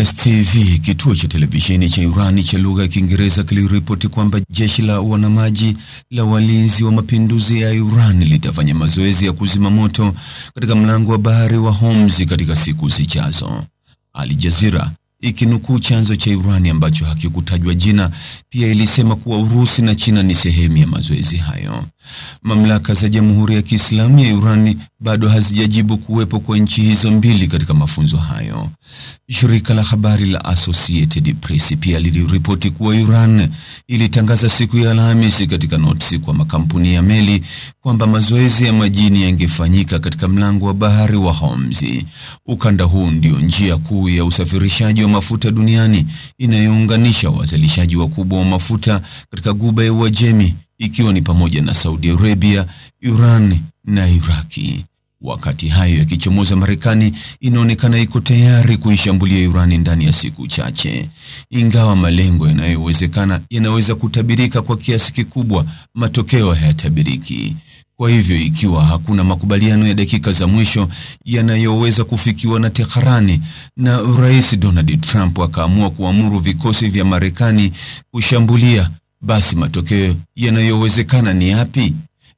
Press TV, kituo cha televisheni cha Iran cha lugha ya Kiingereza kiliripoti kwamba jeshi la wanamaji la walinzi wa mapinduzi ya Iran litafanya mazoezi ya kuzima moto katika mlango wa bahari wa Hormuz katika siku zijazo. Al Jazeera ikinukuu chanzo cha Iran ambacho hakikutajwa jina, pia ilisema kuwa Urusi na China ni sehemu ya mazoezi hayo. Mamlaka za Jamhuri ya Kiislamu ya Iran bado hazijajibu kuwepo kwa nchi hizo mbili katika mafunzo hayo. Shirika la habari la Associated Press pia liliripoti kuwa Iran ilitangaza siku ya Alhamisi katika notisi kwa makampuni ya meli kwamba mazoezi ya majini yangefanyika katika mlango wa bahari wa Hormuz. Ukanda huu ndio njia kuu ya usafirishaji wa mafuta duniani inayounganisha wazalishaji wakubwa wa mafuta katika Ghuba ya Uajemi ikiwa ni pamoja na Saudi Arabia, Iran na Iraki. Wakati hayo yakichomoza, Marekani inaonekana iko tayari kuishambulia Irani ndani ya siku chache. Ingawa malengo yanayowezekana yanaweza kutabirika kwa kiasi kikubwa, matokeo hayatabiriki. Kwa hivyo, ikiwa hakuna makubaliano ya dakika za mwisho yanayoweza kufikiwa na Teherani na Rais Donald Trump akaamua kuamuru vikosi vya Marekani kushambulia, basi matokeo yanayowezekana ni yapi?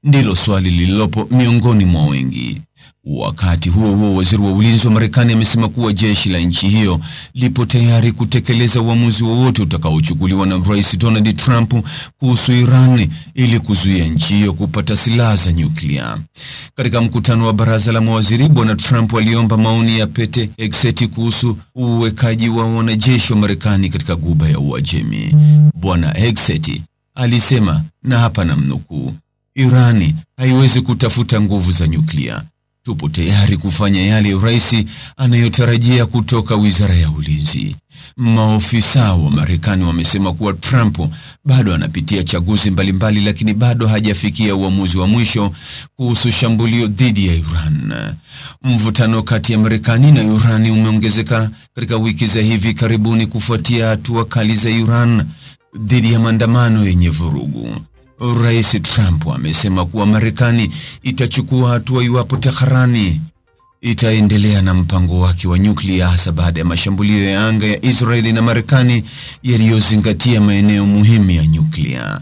Ndilo swali lililopo miongoni mwa wengi. Wakati huo huo, waziri wa ulinzi wa Marekani amesema kuwa jeshi la nchi hiyo lipo tayari kutekeleza uamuzi wowote utakaochukuliwa na Rais Donald Trump kuhusu Iran ili kuzuia nchi hiyo kupata silaha za nyuklia. Katika mkutano wa baraza la mawaziri, Bwana Trump aliomba maoni ya Pete Hegseth kuhusu uwekaji wa wanajeshi wa Marekani katika Ghuba ya Uajemi. Bwana Hegseth alisema, na hapa namnukuu, Irani haiwezi kutafuta nguvu za nyuklia Tupo tayari kufanya yale rais anayotarajia kutoka wizara ya ulinzi. Maofisa wa Marekani wamesema kuwa Trump bado anapitia chaguzi mbalimbali, lakini bado hajafikia uamuzi wa mwisho kuhusu shambulio dhidi ya Iran. Mvutano kati ya Marekani na Iran umeongezeka katika wiki za hivi karibuni kufuatia hatua kali za Iran dhidi ya maandamano yenye vurugu. Rais Trump amesema kuwa Marekani itachukua hatua iwapo Teherani itaendelea na mpango wake wa nyuklia hasa baada ya mashambulio ya anga ya Israeli na Marekani yaliyozingatia maeneo muhimu ya nyuklia.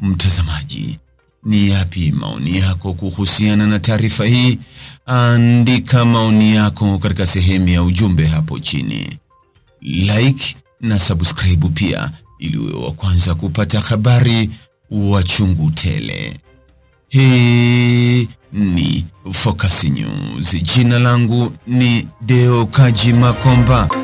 Mtazamaji, ni yapi maoni yako kuhusiana na taarifa hii? Andika maoni yako katika sehemu ya ujumbe hapo chini. Like na subscribe pia ili uwe wa kwanza kupata habari wa chungu tele. Hii ni Focus News. Jina langu ni Deo Kaji Makomba.